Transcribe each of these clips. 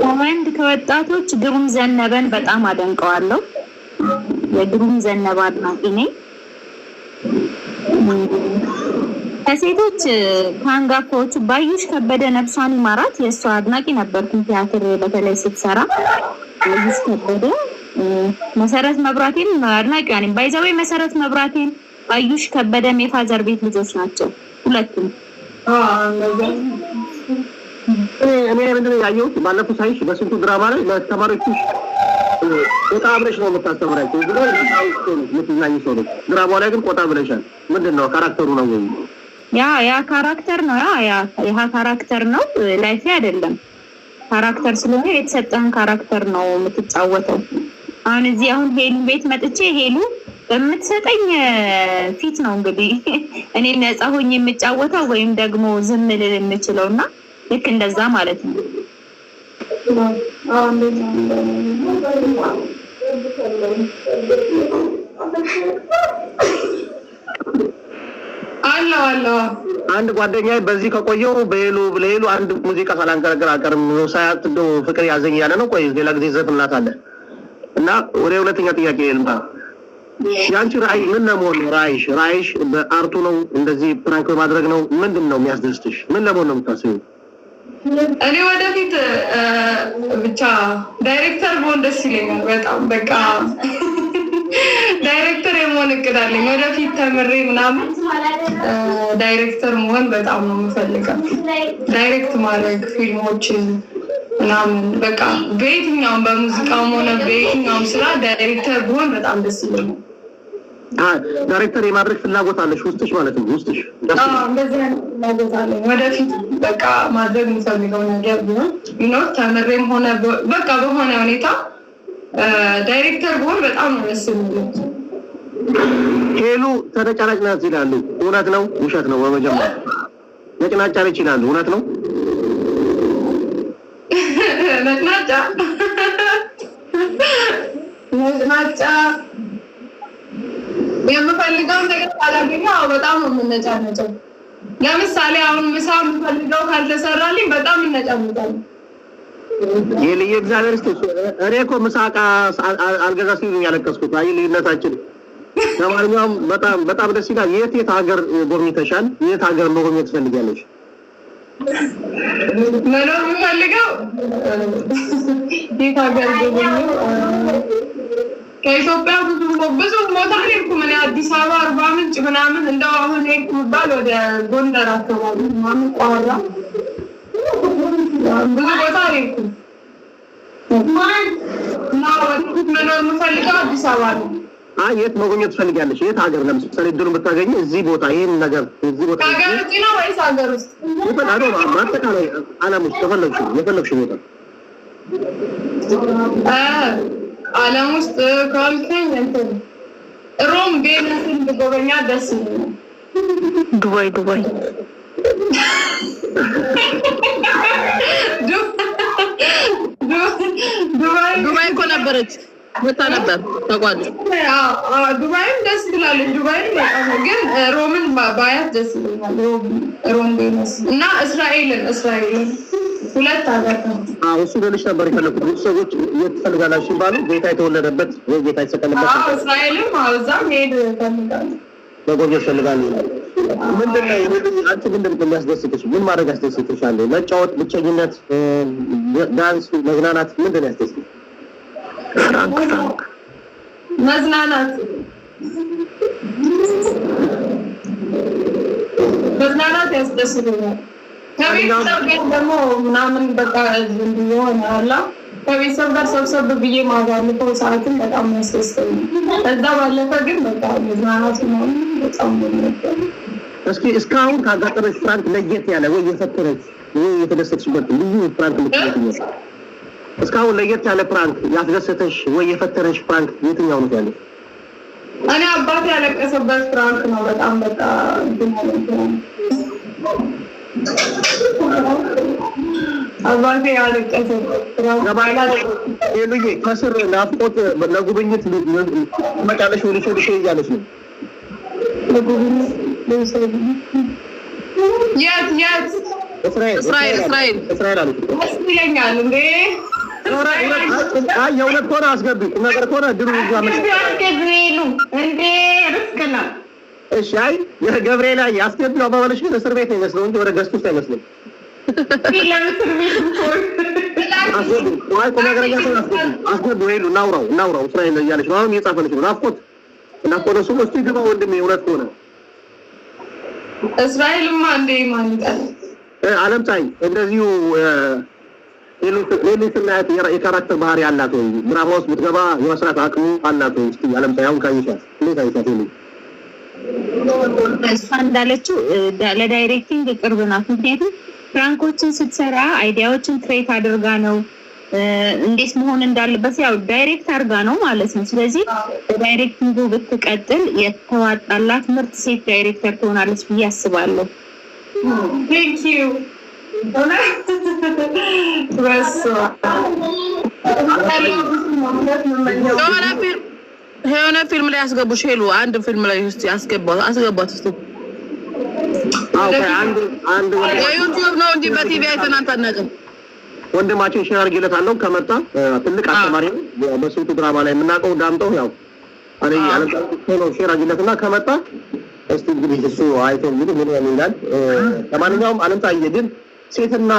ኮመንድ ከወጣቶች ግሩም ዘነበን በጣም አደንቀዋለሁ። የግሩም ዘነበ አድናቂ ነኝ። ከሴቶች ከአንጋፋዎቹ ባዩሽ ከበደ ነፍሷን ይማራት፣ የእሷ አድናቂ ነበርኩኝ። ቲያትር በተለይ ስትሰራ ባዩሽ ከበደ። መሰረት መብራቴን አድናቂ ነኝ። ባይዘዌ መሰረት መብራቴን ባዩሽ ከበደ የፋዘር ቤት ልጆች ናቸው ሁለቱም እኔ ላይ ምንድን ነው ያየሁት? ባለፈው ሳይሽ በስንቱ ድራማ ላይ ለተማሪዎቹ ቆጣ ብለሽ ነው የምታስተምራቸው። የምትዛኝ ሰው ነው። ድራማ ላይ ግን ቆጣ ብለሻል። ምንድን ነው ካራክተሩ ነው ወይ? ያ ያ ካራክተር ነው። ያ ያ ያ ካራክተር ነው። ላይፌ አይደለም ካራክተር ስለሆነ የተሰጠህን ካራክተር ነው የምትጫወተው። አሁን እዚህ አሁን ሄሉ ቤት መጥቼ ሄሉ በምትሰጠኝ ፊት ነው እንግዲህ እኔ ነፃ ሆኜ የምጫወተው ወይም ደግሞ ዝም ልል የምችለው እና ልክ እንደዛ ማለት ነው። አለው አለው አንድ ጓደኛ በዚህ ከቆየው በሌሉ ለሌሉ አንድ ሙዚቃ ሳላንቀረቅር አቀርም ሳያት ዶ ፍቅር ያዘኝ ያለ ነው። ቆይ ሌላ ጊዜ ዘፍንላት አለ እና ወደ ሁለተኛ ጥያቄ ልምጣ። የአንቺ ራዕይ ምን ለመሆን ነው? ራዕይሽ ራዕይሽ በአርቱ ነው? እንደዚህ ፕራንክ በማድረግ ነው? ምንድን ነው የሚያስደስትሽ? ምን ለመሆን ነው የምታስቢው? እኔ ወደፊት ብቻ ዳይሬክተር መሆን ደስ ይለኛል በጣም በቃ ዳይሬክተር የመሆን እቅድ አለኝ። ወደፊት ተምሬ ምናምን ዳይሬክተር መሆን በጣም ነው የምፈልገው። ዳይሬክት ማድረግ ፊልሞችን ምናምን በቃ በየትኛውም በሙዚቃውም ሆነ በየትኛውም ስራ ዳይሬክተር ብሆን በጣም ደስ ይለኛል። ዳይሬክተር የማድረግ ፍላጎት አለሽ ውስጥሽ ማለት ነው። ውስጥሽ እንደዚህ አይነት ፍላጎት አለ። ወደፊት በቃ ማድረግ የምፈልገው ነገር ቢሆን ኖ ተምሬም ሆነ በቃ በሆነ ሁኔታ ዳይሬክተር ብሆን በጣም ነው ደስ የሚለው። ሄሉ ተነጫናጭ ናት ይላሉ። እውነት ነው ውሸት ነው? በመጀመሪያ ነጭናጫ ነች ይላሉ። እውነት ነው ነጭናጫ የምፈልገው ነገር ካላገኘ በጣም ነው የምነጫነጨው። ለምሳሌ አሁን ምሳ የምፈልገው ካልተሰራልኝ በጣም እነጫነጫለሁ። ይህ ልዩ እግዚአብሔር ስ እኔ እኮ ምሳ ዕቃ አልገዛ ሲሉ ያለቀስኩት። አይ ልዩነታችን ለማንኛውም በጣም በጣም ደስ ይላል። የት የት ሀገር ጎብኝተሻል? የት ሀገር መጎብኘት ትፈልጊያለሽ? መኖር የምፈልገው የት ሀገር ጎብኝ ከኢትዮጵያ ብዙ ብዙ ቦታ ሄድኩ። ምን አዲስ አበባ፣ አርባ ምንጭ ምናምን እንደው አሁን ሄድኩ የሚባል ወደ ጎንደር አካባቢ ምናምን ቋራ ብዙ ቦታ ሄድኩ እና መኖር የምፈልገው አዲስ አበባ ነው። አይ የት መጎብኘት ትፈልጊያለሽ? የት ሀገር? ለምሳሌ እድሉን ብታገኝ እዚህ ቦታ ይህን ነገር እዚህ ቦታ ሀገር ውጭ ነው ወይስ ሀገር ውስጥ? ማጠቃላይ ዓለም ውስጥ የፈለግሽው ቦታ ዓለም ውስጥ ካልከኝ እንትን ሮም ቤነትን ብጎበኛ ደስ ይለኛል። ዱባይ ዱባይ ዱባይ እኮ ነበረች መታ ነበር ተቋጭ። ዱባይም ደስ ትላለች። ዱባይም ግን ሮምን ባያት ደስ ይለኛል። ሮም ቤነስ እና እስራኤልን እስራኤልን ሁለት ሀገር እሱ ልልሽ ነበር የፈለኩት። ቤተሰቦች የት ትፈልጋላችሁ ሲባሉ ጌታ የተወለደበት ወይ ጌታ የተሰቀለበት እስራኤልም እዛም ሄድ ፈልጋለሁ መጎብኘት ፈልጋለሁ ይላል። አንቺ ምንድን የሚያስደስትሽ? ምን ማድረግ ያስደስትሻል? መጫወት፣ ብቸኝነት፣ ዳንስ፣ መዝናናት ምንድን ነው መዝናናት መዝናናት ያስደስትኛል። ከቤተሰብ ጋር ደግሞ ምናምን በቃ እንዲሆን አላ ከቤተሰብ ጋር ሰብሰብ ብዬ ማሳልፈው ሰዓትን በጣም ያስደስተኝ። ከዛ ባለፈ ግን በቃ መዝናናቱ ሆኑ በጣም ነበር። እስኪ እስካሁን ካጋጠመች ፍራንክ ለየት ያለ ወይ የፈተነች ወይ የተደሰችበት ልዩ ፍራንክ ምክንያት እስካሁን ለየት ያለ ፍራንክ ያስደሰተሽ ወይ የፈተነሽ ፍራንክ የትኛው ነው ያለ? እኔ አባት ያለቀሰበት ፍራንክ ነው። በጣም በቃ አባቴ ያለቀሰ ሄሉዬ ከስር ናፍቆት ለጉብኝት ትመጫለሽ ወደ ሾልሽ እያለች ነው። የእውነት ከሆነ አስገቢ ነገር ከሆነ ድሩ ሉ እንዴ እሺ አይ ገብርኤል አይ አስገድለው በበለሽ ግን እስር ቤት ነው እንጂ ወደ ገስት ውስጥ አይመስልም። እናውራው እናውራው ስራ እያለች ነው አሁን እየጻፈልች ነው። ናፍቆት ናፍቆት እሱም እስኪ ግባ ወንድሜ እውነት ከሆነ እስራኤልማ እንደ ማን ይጣል ዓለም እንደዚሁ ሌሊት የካራክተር ባህሪ አላት ወይ? ድራማ ውስጥ ብትገባ የመስራት አቅሙ አላት ወይ? እስኪ ዓለም አሁን ካየሻት እንዴት አየሻት? እሷ እንዳለችው ለዳይሬክቲንግ ቅርብ ናት። ምክንያቱም ፍራንኮችን ስትሰራ አይዲያዎችን ትሬት አድርጋ ነው እንዴት መሆን እንዳለበት ያው ዳይሬክት አድርጋ ነው ማለት ነው። ስለዚህ በዳይሬክቲንጉ ብትቀጥል የተዋጣላት ምርጥ ሴት ዳይሬክተር ትሆናለች ብዬ አስባለሁ። ላይ አስገቡሽ ሄሉ አንድ ፊልም ላይ ውስጥ አስገቧት፣ አስገቧት እስቲ። ዩቲዩብ ነው እንጂ በቲቪ አይተን አናውቅም። ወንድማችን ሼር አድርጌለታለሁ። ከመጣ ትልቅ አስተማሪ ነው። በስንቱ ድራማ ላይ የምናውቀው ዳምጠው ያው እኔ ያለው ነው። ሼር አድርጌለትና ከመጣ እስቲ እንግዲህ እሱ አይቶ እንግዲህ ምን ይላል። ለማንኛውም አለምታዬ ግን ሴትና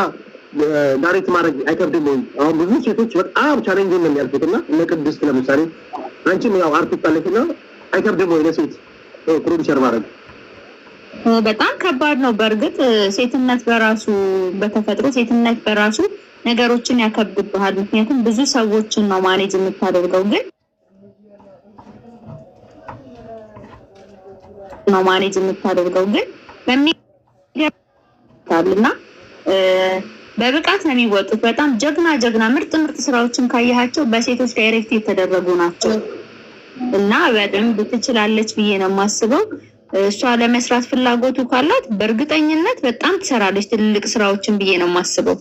ዳሬት ማድረግ አይከብድም ወይ? አሁን ብዙ ሴቶች በጣም ቻሌንጅ ነው የሚያልፉትና እነ ቅድስት ለምሳሌ አንቺም ያው አርቲስት አለሽና አይከብድም ወይ ለሴት ፕሮዲሰር ማድረግ? በጣም ከባድ ነው። በእርግጥ ሴትነት በራሱ በተፈጥሮ ሴትነት በራሱ ነገሮችን ያከብድብሃል። ምክንያቱም ብዙ ሰዎችን ነው ማኔጅ የምታደርገው ግን ነው ማኔጅ የምታደርገው ግን በሚገርም እና በብቃት ነው የሚወጡት። በጣም ጀግና ጀግና ምርጥ ምርጥ ስራዎችን ካያቸው በሴቶች ዳይሬክት የተደረጉ ናቸው እና በደንብ ትችላለች ብዬ ነው የማስበው። እሷ ለመስራት ፍላጎቱ ካላት በእርግጠኝነት በጣም ትሰራለች ትልልቅ ስራዎችን ብዬ ነው የማስበው።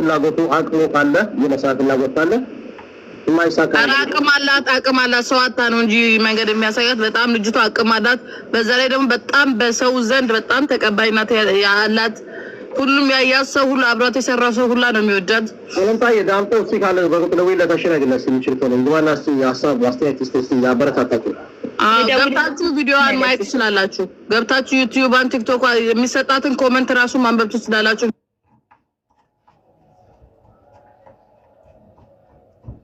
ፍላጎቱ አቅሙ ካለ የመስራት ፍላጎት ካለ ኧረ አቅም አላት አቅም አላት። ሰው አታ ነው እንጂ መንገድ የሚያሳያት በጣም ልጅቷ አቅም አላት። በዛ ላይ ደግሞ በጣም በሰው ዘንድ በጣም ተቀባይነት አላት። ሁሉም ያያት ሰው ሁሉ አብሯት የሰራ ሰው ሁላ ነው የሚወዳት። አለምታዬ የዳምጦ እስኪ ካለ በቁጥለዊ ለተሸነግነት የሚችል ከሆነ ግባና ስ ሀሳብ አስተያየት ስ ስ ያበረታታቁ ገብታችሁ ቪዲዮዋን ማየት ትችላላችሁ። ገብታችሁ ዩቲዩባን ቲክቶክ የሚሰጣትን ኮመንት ራሱ ማንበብ ትችላላችሁ።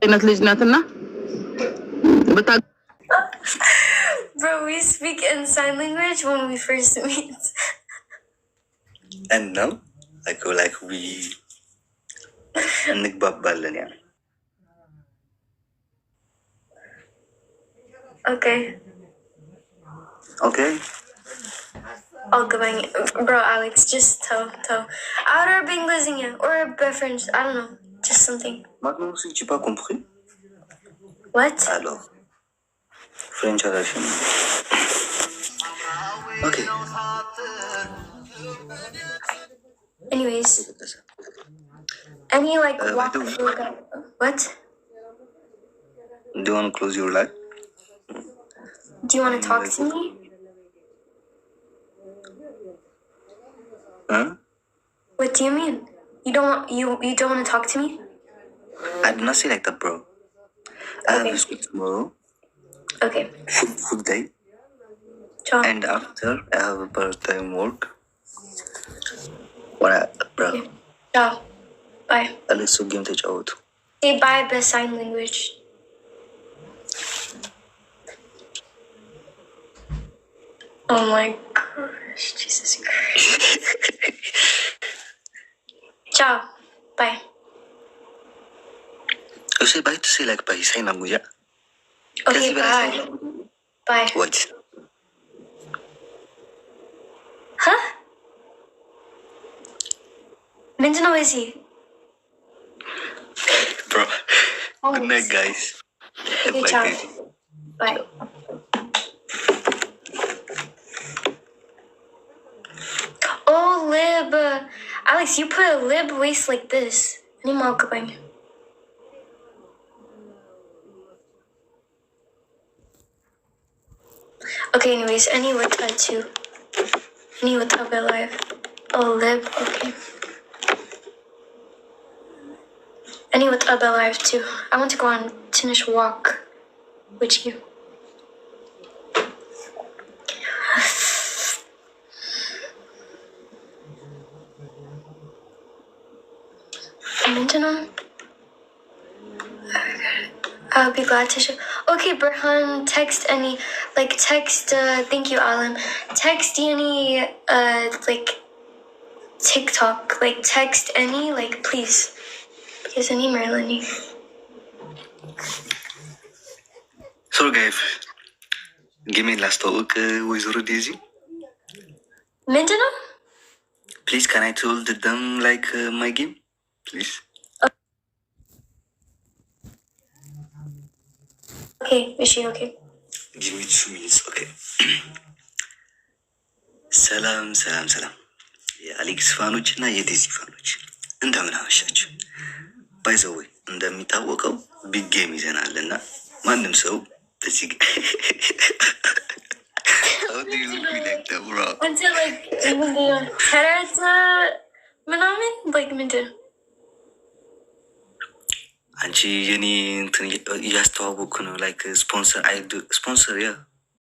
አይነት ልጅ ናት እና Bro, we speak in sign language when we first meet. And now I go like we እንግባባለን ያ Okay. ኦኬ አልገባኝ bro Alex just tell tell አውራ በእንግሊዝኛ or በፍሬንች I don't know something. Maintenant, si tu n'as pas compris. What? Alors, French Russian. Okay. Anyways, any like uh, walk through What? Do you want to close your light? Do you want mm, to talk to me? Huh? What do you mean? You don't want you you don't want to talk to me? I do not see like that, bro. I have school tomorrow. Okay. Good day. Ciao. And after, I have a part-time work. What, I, bro? Okay. Ciao. Bye. least you give teach out. Say bye, best sign language. Oh my gosh, Jesus Christ. Ciao. Bye. So say bye to say like bye. Say Nanguya. Okay, bye. Bye. What? Huh? Mention how is he? Bro. Oh, good night, guys. Okay, like ciao. Bye. Oh, lib. Alex, you put a lib waist like this. Any more going? Okay, anyways, I need what tattoo. I need what type of life. Oh, live. okay. I need what type of life too. I want to go on tennis walk with you. Mention on? Oh I'll be glad to show. Okay, Burhan, text any, like, text, uh, thank you, Alan. Text any, uh, like, TikTok, like, text any, like, please. Because any Marilyn. So, guys, give me last talk, uh, Wizard Daisy. Mental? Please, can I tell them, like, uh, my game? Please. ሰላም ሰላም ሰላም የአሌክስ ፋኖች እና የዴዚ ፋኖች እንደምን አመሻችሁ። ባይዘዌ እንደሚታወቀው ቢግ ጌም ይዘናል እና ማንም ሰው በዚህ ምናምን አንቺ የኔ እንትን እያስተዋወቅኩ ነው ላይክ ስፖንሰር ስፖንሰር ያ